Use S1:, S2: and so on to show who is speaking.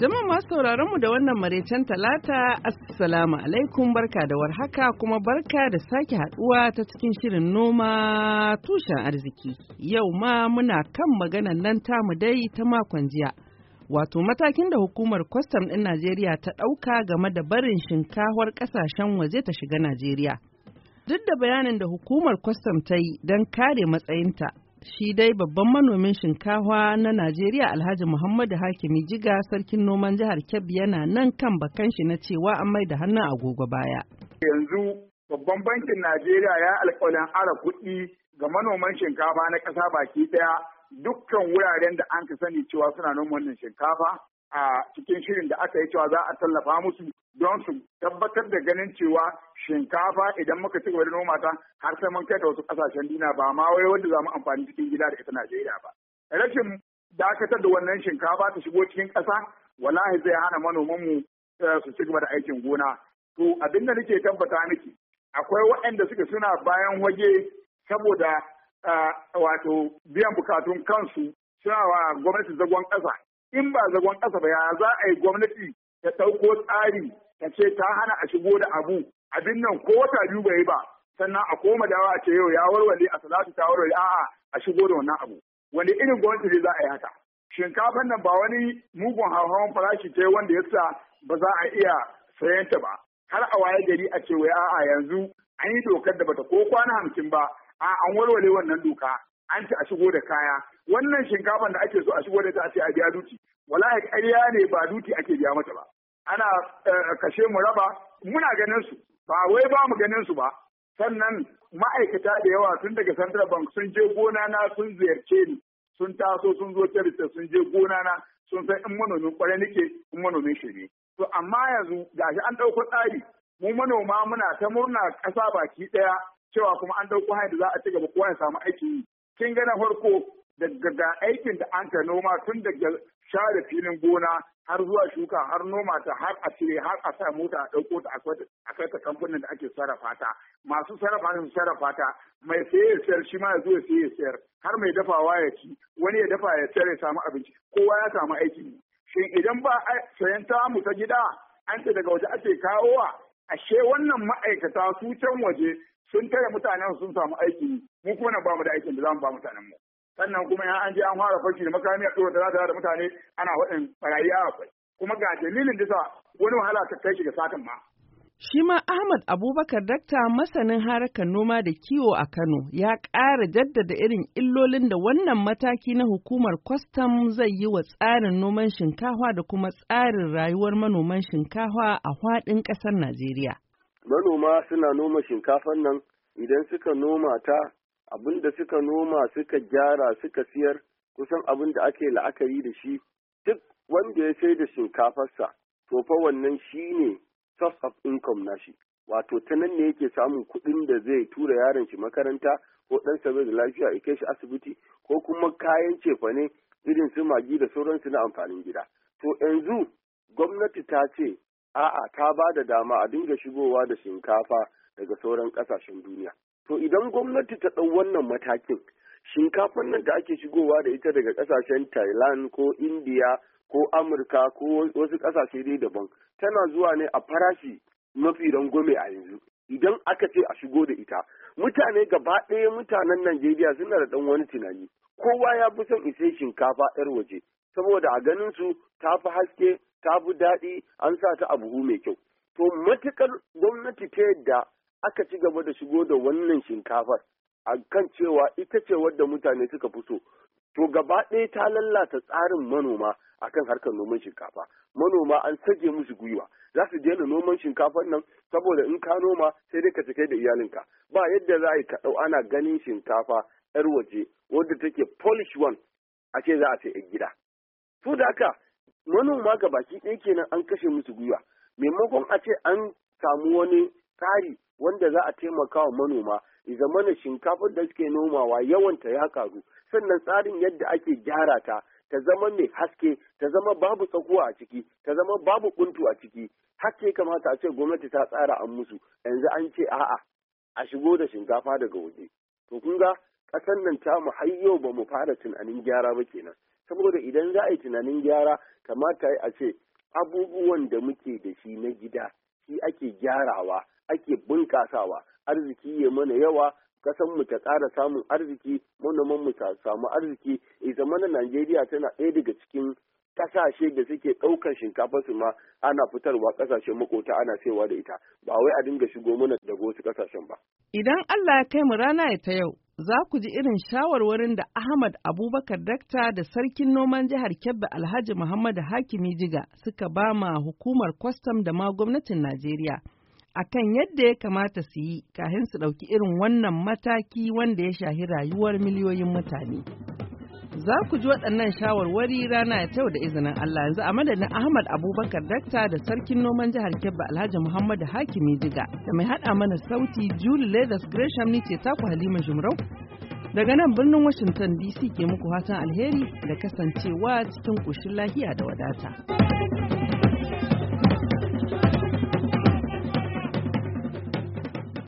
S1: Jama'a masu sauraron mu da wannan maraicen talata assalamu alaikum barka da warhaka kuma barka da sake haduwa ta cikin shirin noma tushen arziki. Yau ma muna kan maganan nan ta mu dai ta makon jiya. Wato matakin da hukumar kwastam ɗin Najeriya ta ɗauka game da barin shinkawar ƙasashen waje ta shiga Najeriya. Duk da bayanin da hukumar kwastam ta yi don kare matsayinta, shi dai babban manomin shinkawa na Najeriya Alhaji Muhammadu Hakimi Jiga sarkin noman jihar Kebbi yana nan kan bakan shi na cewa an mai da hannun agogo baya.
S2: Yanzu babban bankin Najeriya ya alƙalin ara kuɗi ga manoman shinkafa na ƙasa baki ɗaya dukkan wuraren da an ka sani cewa suna noman shinkafa a cikin shirin da aka yi cewa za a tallafa musu don su tabbatar da ganin cewa shinkafa idan muka ci gaba da noma ta har sai mun kai ta wasu kasashen dina ba ma wai wanda za mu amfani cikin gida da ita Najeriya ba. Rashin dakatar da wannan shinkafa ta shigo cikin ƙasa wallahi zai hana manoman mu eh, su ci gaba da aikin gona. To abin da nake tabbata miki akwai waɗanda suke suna bayan waje saboda eh, wato biyan bukatun kansu suna wa gwamnati zagon ƙasa. In ba zagon ƙasa ba ya za a yi gwamnati ta ɗauko tsari a ce ta hana a shigo da abu abin nan ko wata biyu bai ba sannan a koma dawa a ce yau ya warware a salatu ta warware a'a a shigo da wannan abu wani irin gwamnati ne za a yi haka shinkafan nan ba wani mugun hauhawan farashi ce wanda ya sa ba za a iya sayanta ba har a waye gari a ce wai a yanzu an yi dokar da bata ko kwana hamsin ba a an warware wannan doka an ci a shigo da kaya wannan shinkafan da ake so a shigo da ta a ce a biya duti ya ƙarya ne ba duti ake biya mata ba ana eh, kashe mu raba muna ganin su ba wai ba mu ganin su ba sannan ma'aikata da yawa tun daga central bank sun je gona na sun ziyarce ni sun taso sun zo tarita sun je gona na sun san in manomin kware nake in manomin shirye to amma yanzu gashi an ɗauko tsari mu manoma muna ta murna kasa baki ɗaya cewa kuma an ɗauko hanyar da za a ci gaba kowa ya samu aikin yi kin gana farko daga aikin da an ka noma tun daga share filin gona har zuwa shuka har noma ta har a cire har a sa mota a ɗauko ta a kai ta kamfanin da ake sarrafa ta masu sarrafa su sarrafa ta mai saye ya sayar shi ma ya zo ya saye ya sayar har mai dafawa ya ci wani ya dafa ya sayar ya samu abinci kowa ya samu aiki shin idan ba sayan tamu ta gida an ce daga waje ake kawowa ashe wannan ma'aikata su can waje sun tare mutanen sun samu aiki mu kuma na mu da aikin da za mu ba mutanen mu sannan kuma ya an je an fara fashi da makami a tsoro da da mutane ana waɗin barayi a akwai kuma ga dalilin da wani wahala ta kai shi da satan ma
S1: Shi ma Ahmad Abubakar dakta masanin harkar noma da kiwo a Kano ya ƙara jaddada irin illolin da wannan mataki na hukumar kwastam zai yi wa tsarin noman shinkafa da kuma tsarin rayuwar manoman shinkafa a faɗin ƙasar Najeriya.
S3: Manoma suna noma shinkafan nan idan suka noma ta abin da suka noma suka gyara suka siyar kusan abin da ake la'akari da shi duk wanda ya sai da shinkafarsa to fa wannan shi ne source of income shi? wato ta nan ne yake samun kuɗin da zai tura yaron shi makaranta ko ɗan bai da lafiya ya kai shi asibiti ko kuma kayan cefane irin su magi da sauransu na amfanin gida to yanzu gwamnati ta ce a'a ta ba da dama a dinga shigowa da shinkafa daga sauran ƙasashen duniya To idan gwamnati ta ɗau wannan matakin, shinkafan nan da ake shigowa da ita daga ƙasashen Thailand ko India ko Amurka ko wasu ƙasashe dai daban, tana zuwa ne a farashi mafi rangwame a yanzu. Idan aka ce a shigo da ita, mutane gaba ɗaya mutanen Najeriya suna da ɗan wani tunani. Kowa ya fi son isai shinkafa 'yar waje, saboda a ganin su ta fi haske, ta fi daɗi, an sa ta a buhu mai kyau. To matuƙar gwamnati ta yadda aka ci gaba da shigo da wannan shinkafar a kan cewa ita ce wadda mutane suka fi so to gaba ɗaya ta lallata tsarin manoma a kan harkar noman shinkafa manoma an sage musu gwiwa za su daina noman shinkafar nan saboda in ka noma sai dai ka cike da iyalinka ba yadda za a yi ka ɗau ana ganin shinkafa yar waje wadda take polish one a ce za a sai gida to da haka manoma ga baki ɗaya kenan an kashe musu gwiwa maimakon a ce an samu wani tsari wanda za a taimaka wa manoma zamana shinkafar da suke nomawa yawanta ya karu sannan tsarin yadda ake gyara ta ta zama mai haske ta zama babu tsakuwa a ciki ta zama babu kuntu a ciki hakke kamata a ce gwamnati ta tsara an musu yanzu an ce a'a a shigo da shinkafa daga waje to kun ga ƙasar nan ta mu har yau ba mu fara tunanin gyara ba kenan saboda idan za a yi tunanin gyara kamata a ce abubuwan da muke da shi na gida shi ake gyarawa ake bunƙasawa arziki ya mana yawa kasan mu ta ƙara samun arziki manoman mu ta samu arziki e zamanin Najeriya tana ɗaya daga cikin kasashe da suke ɗaukar shinkafa su ma ana fitarwa ƙasashe makota ana sayarwa da ita ba wai a dinga shigo mana daga wasu kasashen ba.
S1: Idan Allah ya kai mu rana ya ta yau za ku ji irin shawarwarin da Ahmad Abubakar Dakta da Sarkin Noman Jihar Kebbi Alhaji Muhammad Hakimi Jiga suka ba ma hukumar kwastam da ma gwamnatin Najeriya. akan yadda ya kamata su yi kafin su ɗauki irin wannan mataki wanda ya shahi rayuwar miliyoyin mutane. Za ku ji waɗannan shawarwari rana ya tau da izinin Allah yanzu a madadin Ahmad Abubakar Dakta da Sarkin Noman Jihar Kebbi Alhaji muhammad Hakimi Jiga da mai haɗa mana sauti Julie Leathers Gresham ni ce taku Halima Jumrau. Daga nan birnin Washington DC ke muku fatan alheri da kasancewa cikin ƙoshin lahiya da wadata.